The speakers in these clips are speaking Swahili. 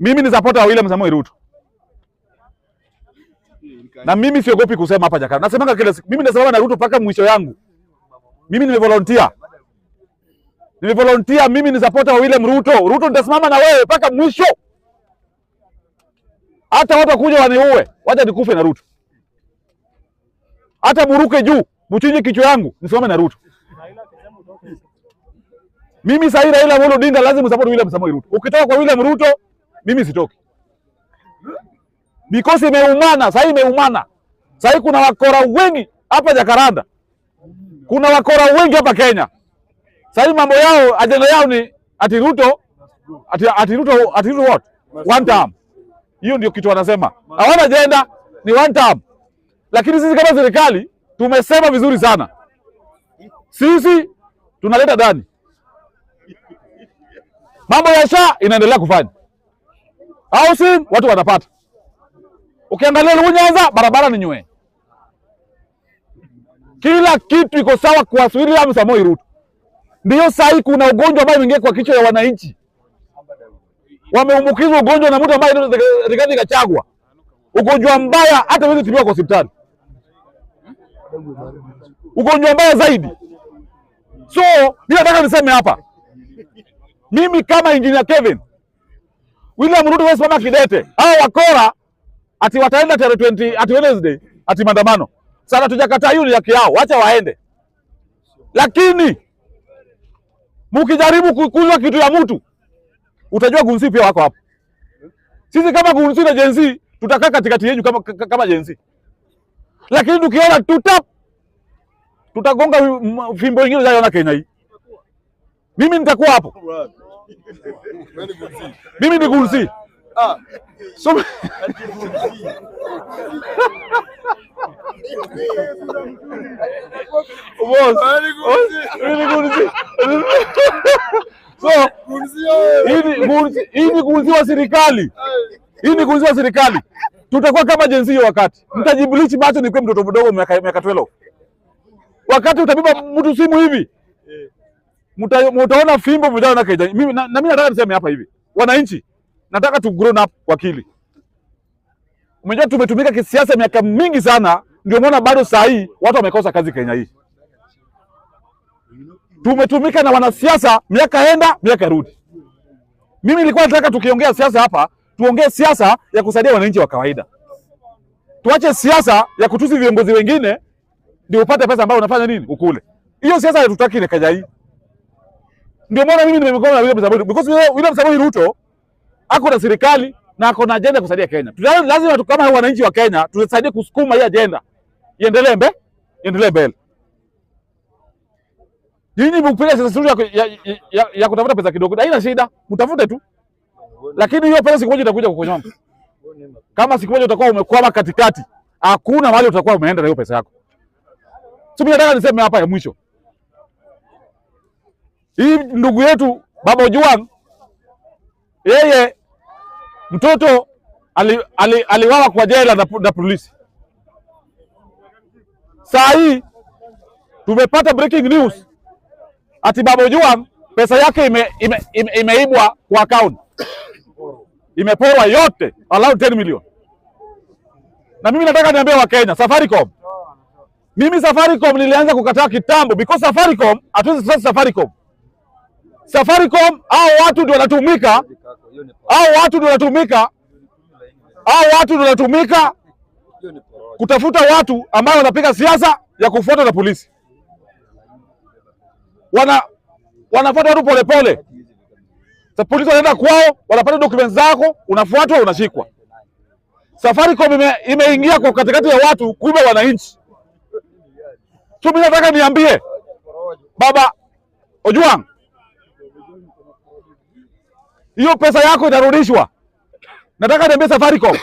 Mimi ni supporter wa William Samoei Ruto na mimi siogopi kusema hapa Jakarta. Nasemanga kila siku mimi nasimama na Ruto mpaka mwisho yangu. Mimi nimevolunteer, volunteer. Mimi ni supporter wa William Ruto. Ruto, nitasimama na wewe mpaka mwisho, hata watu kuja waniue, wacha nikufe na Ruto, hata buruke juu, mchinje kichwa yangu, nisimame na Ruto. Mimi sasa Raila Amolo Odinga lazima support William Samoei Ruto. Ukitoka kwa William Ruto, mimi sitoki. Because imeumana, sasa imeumana. Sasa kuna wakora wengi hapa Jakaranda. Kuna wakora wengi hapa Kenya. Sasa mambo yao, ajenda yao ni ati Ruto ati, ati Ruto ati Ruto what? One term. Hiyo ndio kitu wanasema. Hawana ajenda ni one term. Lakini sisi kama serikali tumesema vizuri sana. Sisi tunaleta ndani mambo ya SHA inaendelea kufanya, au si watu wanapata Ukiangalia Lughu Nyanza, barabara ni nywe, kila kitu iko sawa kwa William Samoei Ruto. Ndiyo sahii kuna ugonjwa ambayo umeingia kwa kichwa ya wananchi, wameumbukizwa ugonjwa na mtu ambaye Rigathi Gachagua, ugonjwa mbaya hata huwezi tibiwa kwa hospitali, ugonjwa mbaya zaidi. So bila nataka niseme hapa mimi kama Engineer Kevin William Ruto wewe simama kidete. Hao wakora ati wataenda tarehe 20 ati Wednesday ati maandamano. Sasa tujakataa hiyo yake yao, wacha waende. Lakini mkijaribu kukunywa kitu ya mtu utajua gunzi pia wako hapo. Sisi kama gunzi na jenzi tutakaa katikati yenu kama kama jenzi. Lakini tukiona tutap tutagonga fimbo nyingine za Kenya hii. Mimi nitakuwa hapo. Mimi ni Gulzi. hii ni kunzi wa serikali, hii ni wa serikali. Tutakuwa kama jenzi hiyo, wakati mtajiblichi macho ni mtoto mdogo miaka 12, wakati utabiba mtu simu hivi mtaona fimbo vijana na kijani. Mimi na, na mimi nataka niseme hapa hivi, wananchi, nataka tu grown up wakili. Umejua tumetumika kisiasa miaka mingi sana, ndio maana bado saa hii watu wamekosa kazi Kenya hii. Tumetumika na wanasiasa miaka enda miaka rudi. Mimi nilikuwa nataka tukiongea siasa hapa tuongee siasa ya kusaidia wananchi wa kawaida, tuache siasa ya kutusi viongozi wengine ndio upate pesa ambayo unafanya nini ukule. Hiyo siasa hatutaki na Kenya hii. Ndio maana mimi nimemkoa na William Samoei because William Samoei Ruto ako na serikali na ako na ajenda kusaidia Kenya. Tuna, lazima kama wananchi wa Kenya tusaidie kusukuma hii ajenda iendelee mbe iendelee mbele. Nyinyi mkupiga sasa suru ya, ya, ya, ya kutafuta pesa kidogo. Haina shida, mtafute tu. Lakini hiyo pesa siku moja itakuja kukunyonga. Kama siku moja utakuwa umekwama katikati, hakuna mahali utakuwa umeenda na hiyo pesa yako. Sio, nataka niseme hapa ya mwisho. Hii ndugu yetu Baba Ojuang yeye mtoto aliwawa ali, ali kwa jela na, na polisi. Saa hii tumepata breaking news ati Baba Ojuang pesa yake ime, ime, ime, imeibwa kwa account imeporwa yote around 10 million. Na mimi nataka niambie kenya Safaricom, mimi Safaricom nilianza kukataa kitambo because Safaricom hatuwezi sasa Safaricom Safaricom au watu ndio wanatumika, au watu ndio wanatumika, au watu ndio wanatumika kutafuta watu ambao wanapiga siasa ya kufuatwa na polisi, wana wanafuata watu polepole. Sa polisi wanaenda kwao, wanapata dokumenti zako, unafuatwa, unashikwa. Safaricom imeingia kwa katikati ya watu kuiba wananchi. So mimi nataka niambie Baba Ojuang hiyo pesa yako itarudishwa. Nataka niambie Safaricom,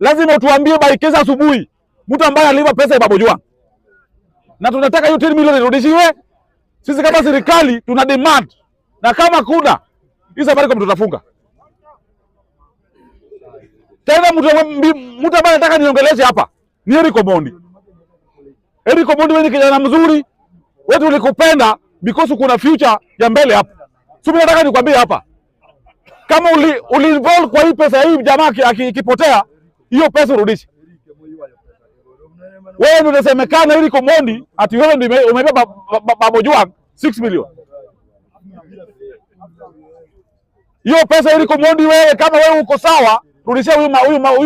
lazima utuambie by kesho asubuhi mtu ambaye alipa pesa ibabojwa, na tunataka hiyo 10 milioni irudishiwe. Sisi kama serikali tuna demand, na kama kuna hii Safaricom tutafunga tena. Mtu ambaye nataka niongeleshe hapa ni Eric Omondi. Eric Omondi, wewe ni kijana mzuri wewe tulikupenda because kuna future ya mbele hapa. Sio, nataka nikwambie hapa kama uli, uliinvolve kwa hii pesa hii, jamaa akipotea, hiyo pesa urudishe wewe. Ndio unasemekana ili Komondi ati wewe ndio umebeba babo Bamojuang 6 million hiyo pesa ili Komondi. Wewe kama wewe uko sawa, rudishia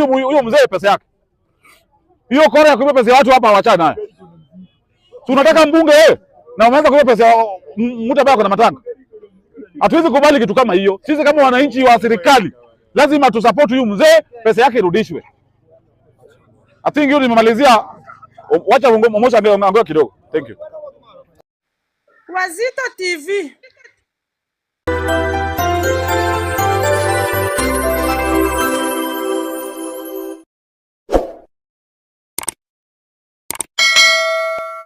huyu mzee pesa yake. Hiyo kora ya kuiba pesa ya watu hapa hawachana naye. Tunataka mbunge wewe, na umeanza kuiba pesa mtu ambaye ako na matanga Hatuwezi kubali kitu kama hiyo. Sisi kama wananchi wa serikali lazima tusapoti huyu mzee, pesa yake irudishwe. I think hiyo nimemalizia, wacha Omosha ongea kidogo. Thank you. Wazito TV.